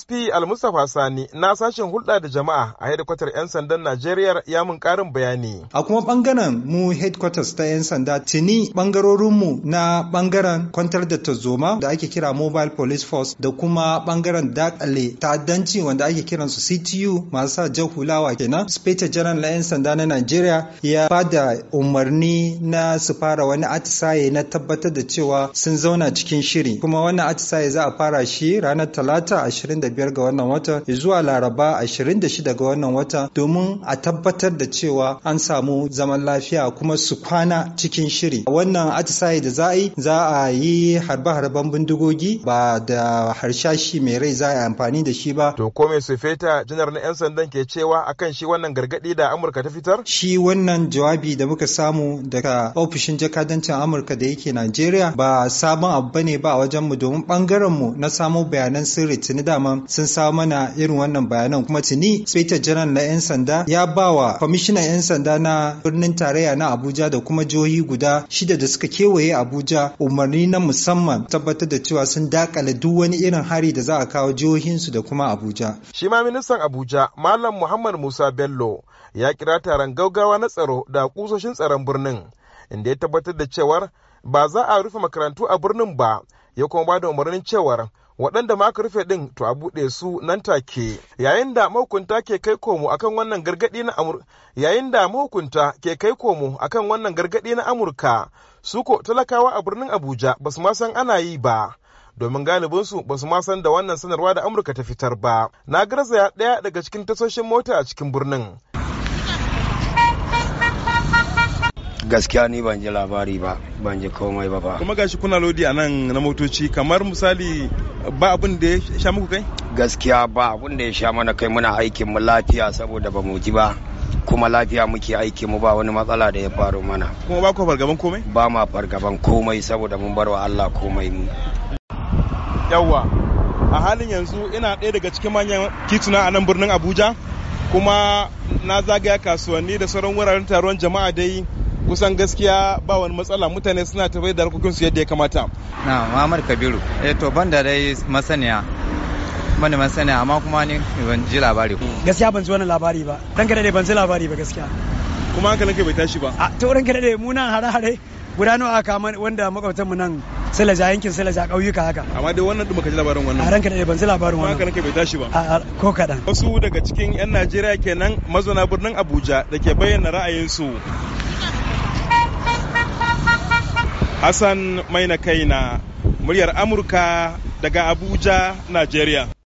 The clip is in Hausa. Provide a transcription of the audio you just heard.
sp almustapha sani na sashen hulɗa da jama'a a hedikwatar 'yan sandan najeriya ya mun ƙarin bayani a kuma ɓangaren mu headquarters ta 'yan sanda tuni ɓangarorinmu na ɓangaren kwantar da tazoma da ake kira mobile police force da kuma ɓangaren dakale ta'addanci wanda ake kiran su ctu masu sa jan hulawa kenan speta general na 'yan sanda na najeriya ya ba da umarni na su fara wani atisaye na tabbatar da cewa sun zauna cikin shiri kuma wannan atisaye za a fara shi ranar talata ashirin 25 ga wannan wata zuwa laraba 26 ga wannan wata domin a tabbatar da cewa an samu zaman lafiya kuma su kwana cikin shiri wannan atisaye da za yi za a yi harbe-harben bindigogi ba da harshashi mai rai za a amfani da shi ba to ko mai sufeta janar na 'yan sandan ke cewa akan shi wannan gargadi da amurka ta fitar shi wannan jawabi da muka samu daga ofishin jakadancin amurka da yake najeriya ba sabon abu bane ba a wajen mu domin bangaren mu na samo bayanan sirri tuni dama. sun samu mana irin wannan bayanan kuma tuni inspector general na 'yan sanda ya ba wa kwamishinan 'yan sanda na birnin tarayya na abuja da kuma jihohi guda shida da suka kewaye abuja umarni na musamman tabbatar da cewa sun dakale duk wani irin hari da za a kawo jihohinsu da kuma abuja shi ma ministan abuja malam muhammad musa bello ya kira taron gaugawa na tsaro da kusoshin tsaron birnin inda ya tabbatar da cewar ba za a rufe makarantu a birnin ba ya kuma ba da umarnin cewar waɗanda ma rufe ɗin to a buɗe su nan take yayin da mahukunta ke kai komo akan wannan gargaɗi na amurka yayin da mahukunta ke kai komo akan wannan gargaɗi na amurka su ko talakawa a birnin abuja ba su ma san ana yi ba domin galibinsu ba su ma san da wannan sanarwa da amurka ta fitar ba na garzaya ɗaya daga cikin tasoshin mota a cikin birnin gaskiya ni ban ji labari ba ban ji komai ba ba kuma gashi kuna lodi a nan na motoci kamar misali ba abin da ya sha muku kai gaskiya ba abin da ya sha mana kai muna aikin mu lafiya saboda ba mu ji ba kuma lafiya muke aiki mu ba wani matsala da ya faru mana kuma ba ku fargaban komai ba ma fargaban komai saboda mun bar wa Allah komai mu yawwa a halin yanzu ina ɗaya daga cikin manyan kituna a nan birnin Abuja kuma na zagaya kasuwanni da sauran wuraren taron jama'a dai kusan gaskiya ba wani matsala mutane suna tafai da su yadda ya kamata na mamar kabiru eh to ban da dai masaniya bani masaniya amma kuma ni ban ji labari gaskiya ban ji wannan labari ba ranka dade ban ji labari ba gaskiya kuma hankalin kai bai tashi ba a to gare dade mu nan hare-hare guda nawa aka wanda makwabtan mu nan salaja yankin salaja kauyuka haka amma dai wannan duk baka ji labarin wannan a ranka dade ban ji labarin wannan hankalin kai bai tashi ba a ko kaɗan wasu daga cikin 'yan Najeriya kenan mazauna birnin Abuja da ke bayyana ra'ayinsu Hassan Maina Kaina, muryar Amurka daga Abuja, Najeriya.